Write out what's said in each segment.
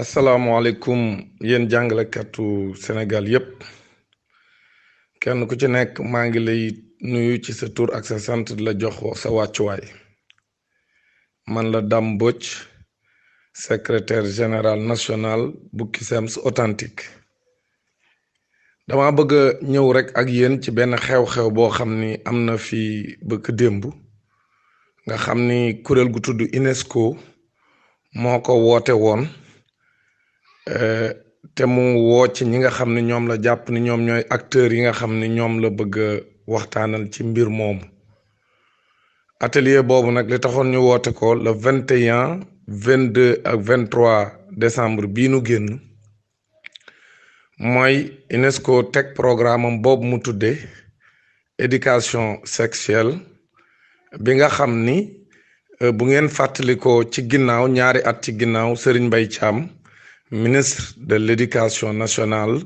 asalaamualeykum yéen jàngalekatu senegal yépp kenn ku ci nekk maa ngi lay nuyu ci sa tur ak sa sant la jox sa wàccuwaay man la Dame Mbodj secrétaire général national bu CUSEMS authentique dama bëgga ñëw rekk ak yéen ci benn xew-xew boo xam ni am na fi bëgg démb nga xam ni kuréel gu tudd UNESCO moo ko woote woon Euh, te mu woo ci ñi nga xam ne ñoom la jàpp ni ñoom ñooy acteurs yi nga xam ni ñoom la bëgg waxtaanal ci mbir moomu atelier boobu nag li taxoon ñu woote ko le vingt et un vingt vingt trois décembre bii nu génn mooy UNESCO teg programme am boobu mu tuddee éducation sexuelle bi nga xam ni euh, bu ngeen fàttali ko ci ginnaaw ñaari at ci ginnaaw Serigne Mbaye Thiam ministre de l'éducation nationale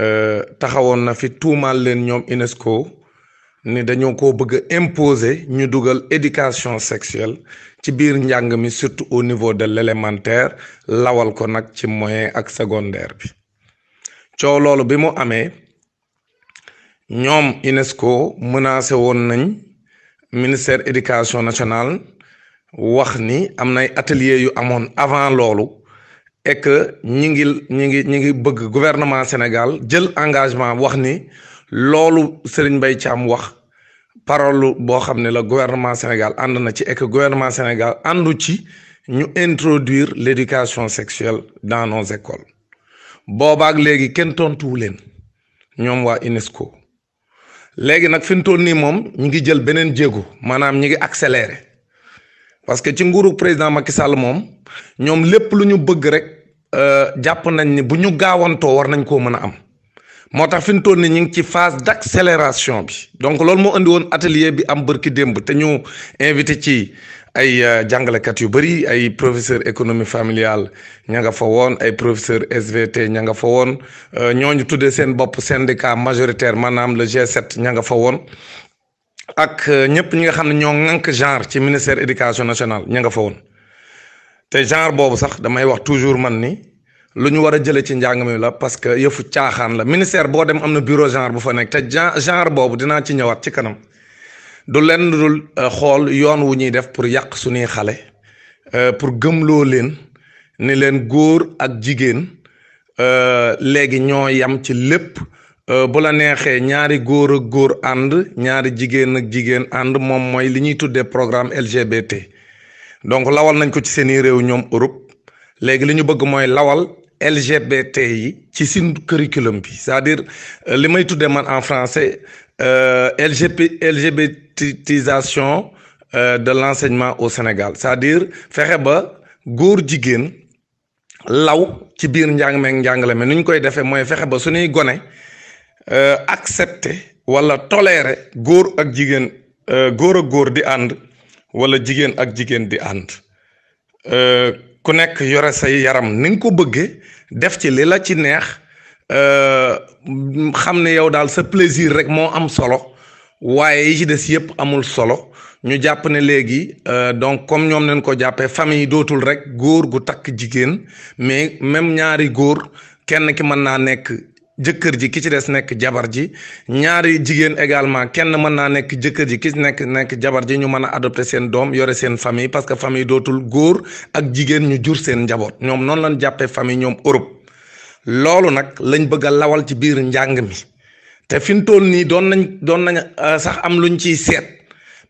euh, taxawoon na fi tuumaal leen ñoom UNESCO ni dañoo ko bëgg a ñu dugal éducation sexuelle ci biir njàng mi surtout au niveau de l'élémentaire lawal ko nag ci moyen ak secondaire bi coow loolu bi mu amee ñoom UNESCO menacé woon nañ ministère éducation nationale wax ni am nay atelier yu amoon avant loolu et que ñi ngi ñi ngi ñi ngi bëgg gouvernement Sénégal jël engagement wax ni loolu Serigne Mbaye Thiam wax parole boo xam ne la gouvernement Sénégal ànd na ci et gouvernement Sénégal àndu ci ñu introduire l'éducation sexuelle dans nos écoles boobaak léegi kenn tontuwu leen ñoom waa UNESCO léegi nag fi mu toll nii moom ñi ngi jël beneen jéego maanaam ñi ngi accéléré parce que ci nguuru président Macky Sall moom ñoom lépp lu ñu bëgg rek euh, jàpp nañ ni bu ñu gaawantoo war nañ koo mën a am moo tax fi mu toll nii ñu ngi ci phase d' accélération bi donc loolu moo indi woon atelier bi am bërki démb te ñu invité ci ay euh, jàngalekat yu bëri ay professeur économie familiale ña nga fa woon ay professeur SVT ña nga fa woon euh, ñooñu tuddee seen bopp syndicat majoritaire maanaam le G7 ña nga fa woon ak euh, ñëpp ñu nga xam ne ñoo ŋànk genre ci ministère éducation nationale ña nga fa woon te genre boobu sax damay wax toujours man ni lu ñu war a jëlee ci njàng mi la parce que yëfu caaxaan la ministère boo dem am na bureau genre bu fa nekk te genre boobu dinaa ci ñëwaat ci kanam du lenn dul euh, xool yoon wu ñuy def pour yàq suñuy xale euh, pour gëmloo leen ni leen góor ak jigéen léegi ñoo yam ci lépp. Euh, bu la neexee ñaari góor ak góor ànd ñaari jigéen ak jigéen ànd moom mooy li ñuy tuddee programme LGBT donc lawal nañ ko ci seeni réew ñoom Europe léegi li ñu bëgg mooy lawal LGBT yi ci suñu curriculum bi c'est-à-dire euh, li may tuddee man en français euh, LGP LGBTisation de l'enseignement au Sénégal c'est-à-dire fexe ba góor jigéen law ci biir njàng meeg njàngale me nu ñu koy defee mooy fexe ba suñuy gone. Euh, accepter wala tolérer góor ak jigéen euh, góor ak góor di ànd wala jigéen ak jigéen di ànd euh, ku nekk yore say yaram ni nga ko bëggee def ci li la ci neex xam ne yow daal sa plaisir rek moo am solo waaye yi ci des yëpp amul solo ñu jàpp ne léegi donc comme ñoom leen ko jàppee famille dootul rek góor gu takk jigéen mais même ñaari góor kenn ki mën naa nekk jëkkër ji ki ci des nekk jabar ji ñaari jigéen également kenn mën naa nekk jëkkër ji ki ci nekk nekk jabar ji ñu mën a adopté seen doom yore seen famille parce que famille dootul góor ak jigéen ñu jur seen njaboot ñoom noonu lañ jàppee famille ñoom Europe loolu nag lañ bëgg a lawal ci biir njàng mi te fi mu toll nii doon nañ doon nañ euh, sax am luñ ciy seet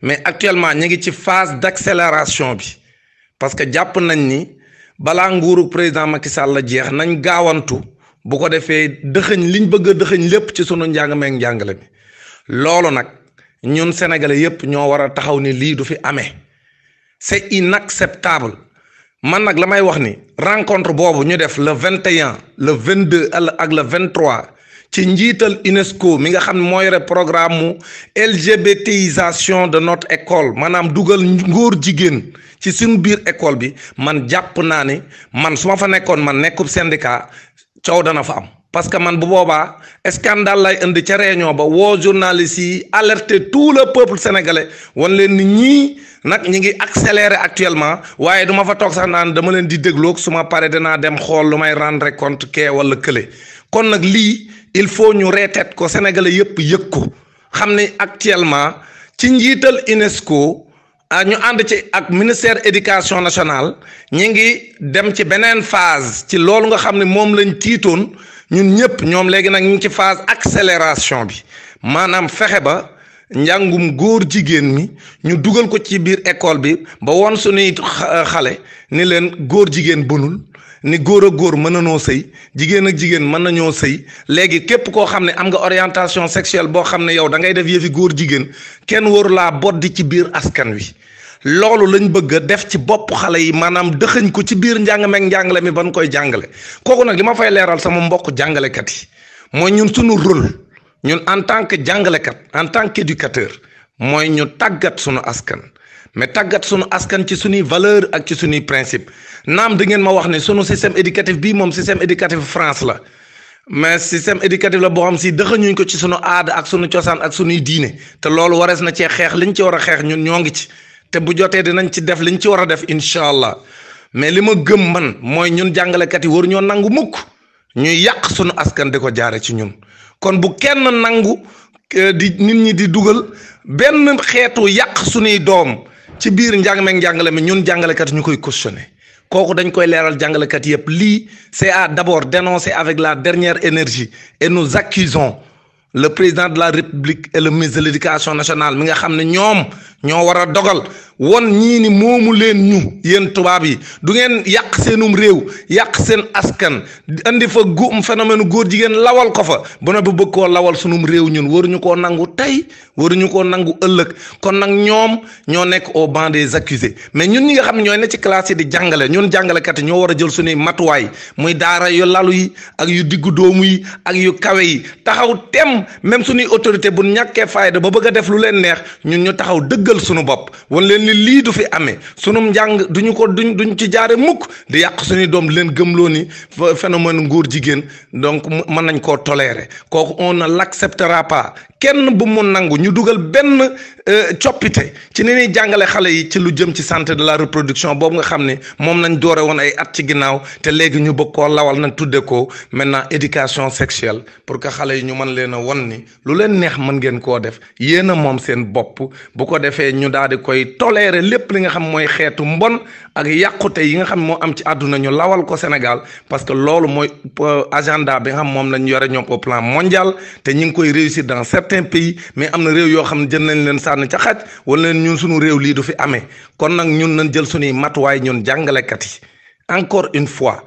mais actuellement ñu ngi ci phase d'accélération bi parce que jàpp nañ ni balaa nguuru président Macky Sall la jeex nañ gaawantu. bu ko defee dëxëñ liñ bëgg a dëxëñ lépp ci suñu njàng meeg njàngale mi loolu nag ñun sénégalais yépp ñoo war a taxaw ni lii du fi amee c'est inacceptable man nag la may wax ni rencontre boobu ñu def le 21 le 22 ak le 23 ci njiital UNESCO mi nga xam mooy moo programme mu LGBTisation de notre école maanaam dugal ngóor jigéen ci suñ biir école bi man jàpp naa ni man su ma fa nekkoon man nekkub syndicat coow dana fa am parce que man bu boobaa scandale lay indi ca réunion ba woo journaliste yi alerter tout le peuple sénégalais wan leen ni ñii nag ñi ngi accélérer actuellement waaye du fa toog sax naan dama leen di dégloog su ma paree dinaa dem xool lu may rendre compte kee wala kële kon nag lii il faut ñu reetet ko sénégalais yëpp yëg ko xam ne actuellement ci njiital UNESCO. Ah, ñu ànd ci ak ministère éducation nationale ñi ngi dem ci beneen phase ci loolu nga xam ne moom lañ tiitoon ñun ñëpp ñoom léegi nag ñu ngi ci phase accélération bi maanaam fexe ba njàngum góor jigéen mi ñu dugal ko ci biir école bi ba woon suñuy xale ni leen góor jigéen bonul ni góor ak góor mën nañoo sëy jigéen ak jigéen mën nañoo sëy léegi képp koo xam ne am nga orientation sexuelle boo xam ne yow da ngay def yëfi góor jigéen kenn waru laa boddi ci biir askan wi loolu lañ bëgg a def ci bopp xale yi maanaam dëxëñ ko ci biir njàng meeg njàngale mi ban koy jàngale kooku nag li ma fay leeral sama mbokk jàngalekat yi mooy ñun suñu rôle ñun en tant que jàngalekat en tant qu'éducateur mooy ñu tàggat sunu askan mais tàggat sunu askan ci sunuy valeur ak ci sunuy principe naam di ngeen ma wax ne sunu système éducatif bi moom système éducatif France la mais système éducatif la boo xam si dëxañuñ ko ci sunu aada ak sunu cosaan ak sunuy diine te loolu warees na cee xeex liñ ci war a xeex ñun ñoo ngi ci te bu jotee dinañ ci def liñ ci war a def incha allah mais li ma gëm man mooy ñun jàngalekat yi war ñoo nangu mukk ñuy yàq sunu askan di ko jaare ci ñun kon bu kenn nangu eh, di nit ñi di dugal benn xeetu yàq sunuy doom ci biir njàng meeg njàngale mi ñun jàngalekat ñu koy cautionné kooku dañ koy leeral jàngalekat yëpp lii c'est à d'abord dénoncé avec la dernière énergie et nous accusons le président de la république et le ministre de l'éducation nationale mi nga xam ne ñoom ñoo war a dogal won ñii ni moomu leen ñu yéen tubaab yi du ngeen yàq seenum réew yàq seen askan andi fa gu phénomène góor jigéen lawal ko fa ba noppi bëgg koo lawal sunum réew ñun waruñu koo nangu tey waruñu koo nangu ëllëg kon nag ñoom ñoo nekk au banc des accusés mais ñun ñi nga xam ne ñooy ne ci classe yi di jàngale ñun jàngalekat yi ñoo war a jël suñuy matuwaay muy daara yu lalu yi ak yu diggu doomu yi ak yu kawe yi taxaw tem même suñuy autorité bu ñàkkee fayda ba bëgg a def lu leen neex ñun taxaw dëgg dëkkal sunu bopp wan leen lii du fi amee sunu njàng duñu ko duñ duñ ci jaare mukk di yàq suñuy doom di leen gëmloo ni phénomène nguur jigéen donc mën nañ koo tolérer kooku on ne l'acceptera pas kenn bu mu nangu ñu dugal benn euh, coppite ci ni ñuy jàngale xale yi ci lu jëm ci santé de la reproduction boobu nga xam ne moom nañ doore woon ay at ci ginnaaw te léegi ñu bëgg koo lawal nag tudde ko maintenant éducation sexuelle pour que xale yi ñu mën leen a won ni lu leen neex mën ngeen koo def yéen a moom seen bopp bu ko defee ñu daal di koy tolérer lépp li nga xam mooy xeetu mbon ak yàqute yi nga xam moo am ci àdduna ñu lawal ko Sénégal parce que loolu mooy euh, agenda bi xam moom lañ yore ñoom au plan mondial te ñu ngi koy réussir dans certains certains pays mais am na réew yoo xam ne jël nañ leen sànni ca xaj wala leen ñun suñu réew lii du fi amee kon nag ñun nañ jël suñuy matuwaay ñun jàngalekat yi encore une fois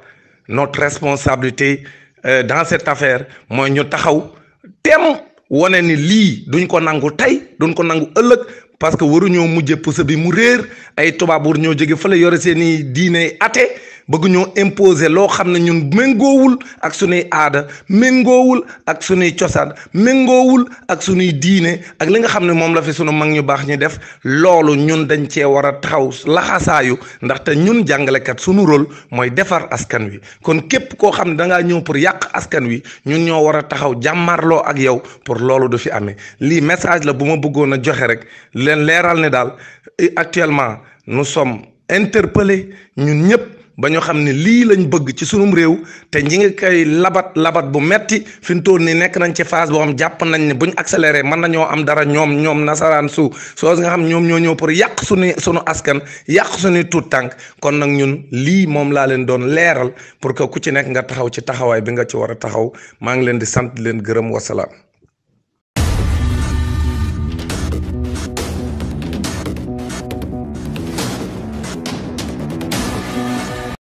notre responsabilité euh, dans cette affaire mooy ñu taxaw teem wane ni lii duñ ko nangu tey duñ ko nangu ëllëg parce que waruñoo mujjee puso bi mu réer ay tubaab war ñoo jóge fële yore seen i diine ate bëgg ñoo imposer loo xam ne ñun méngoowul ak sunuy aada méngoowul ak sunuy cosaan méngoowul ak sunuy diine ak li nga xam ne moom la fi sunu mag ñu baax ñu def loolu ñun dañ cee war a taxaw laxasaayu ndaxte ñun jàngalekat sunu rôle mooy defar askan wi kon képp koo xam ne da ngaa ñëw pour yàq askan wi ñun ñoo war a taxaw jàmmarloo ak yow pour loolu du fi amee lii message la bu ma bëggoon a joxe rek leen leeral ne daal actuellement nu sommes interpellés ñun ñëpp. ba ñu xam ne lii lañ bëgg ci sunum réew te ñi ngi koy labat labat bu metti fi mu toll nii nekk nañ ci phase boo xam jàpp nañ ne buñ accéléré mën nañoo am dara ñoom ñoom nasaraan su soo nga xam ñoom ñoo ñëw pour yàq suñu suñu askan yàq suñuy tuut tànk kon nag ñun lii moom laa leen doon leeral pour que ku ci nekk nga taxaw ci taxawaay bi nga ci war a taxaw maa ngi leen di sant leen gërëm wasalaam